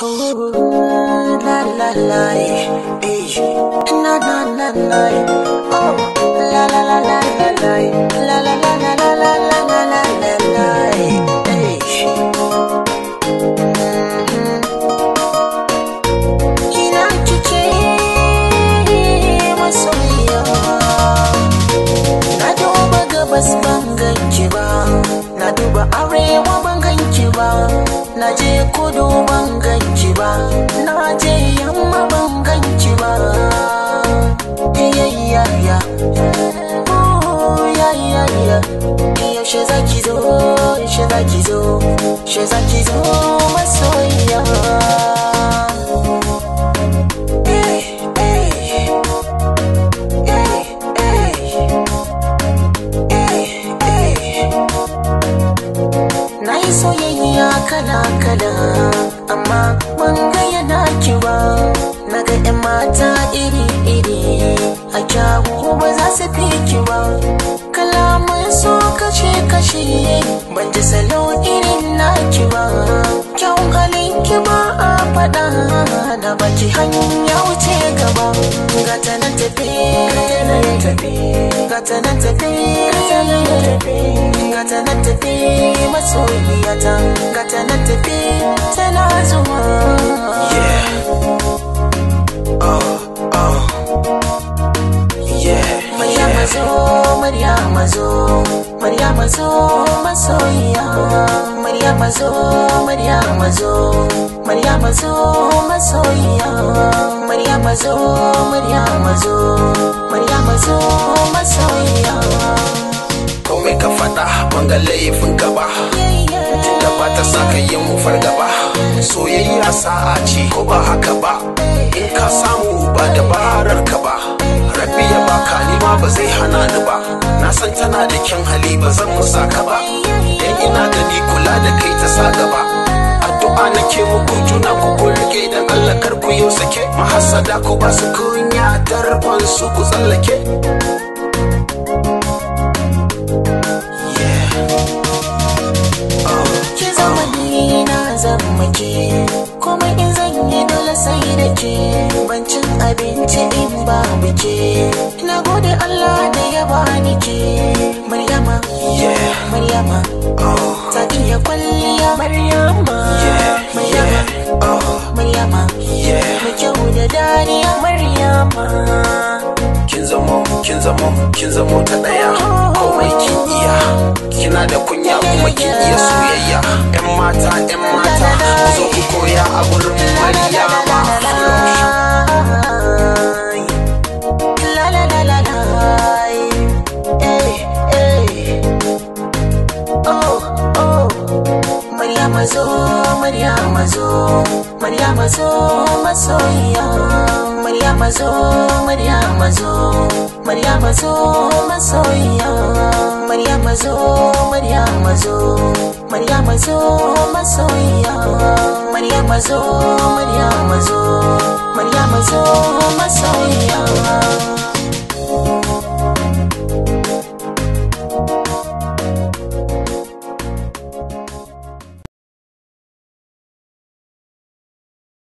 na na na na, Na duba gabas ban ganki ba, na duba arewa ban ganki ba. na je kudu ban ganki ba na je yamma ban ganki ba yayya oh, yayya yaushe zaki zo yaushe zaki zo yaushe zaki zo masoyiya thank eh, you eh. eh, na yi soyayya kala-kala amma ban ga yana ki ba na ga 'yan mata iri-iri a kyawu ba za su fi ki ba kalaman so kashe-kashe ban ji salo irin naki ba kyau halin ki ba a faɗa na baki hanya wuce gaba gata nan tafi gata nan tafi gata nan tafi gata na tafi masoyiyata gata na tafi tana zuwa yeah oh oh yeah Mariya mazo murya mazo mazo masoyiya Mariya mazo Mariya mazo Mariya mazo masoyiya mazo mazo mazo masoyiya wanga laifin gaba tunda ba ta saka yin mu fargaba soyayya sa'a ce ko ba haka ba in ka samu ba dabarar ka ba Rabi ya baka ni ma ba zai hana ni ba na san tana da kyan hali ba zan musa ka ba dan ina gani kula da kai ta sa gaba addu'a nake muku juna ku kun rike dan Allah ku yau sake mahassada ku ba su kunya tarfan su ku tsallake zan muke kuma in zan yi dole sai da ke ban cin abinci in ba muke na gode Allah da ya bani ke Maryama Maryama ta oh. iya kwalliya Maryama Maryama oh. Maryama mai kyau da dariya Maryama kin zamo kin zamo kin zamo ta daya oh. komai kin iya kina da kunya kuma kin iya so. mata mata yan mata ku ku koya a gurin maryama Mazo, Mazo, Mazo, Mazo, Mazo, Mazo, Mazo, mazo murya mazo murya mazo masoyiya murya mazo murya mazo murya mazo masoyiya murya mazo murya mazo murya mazo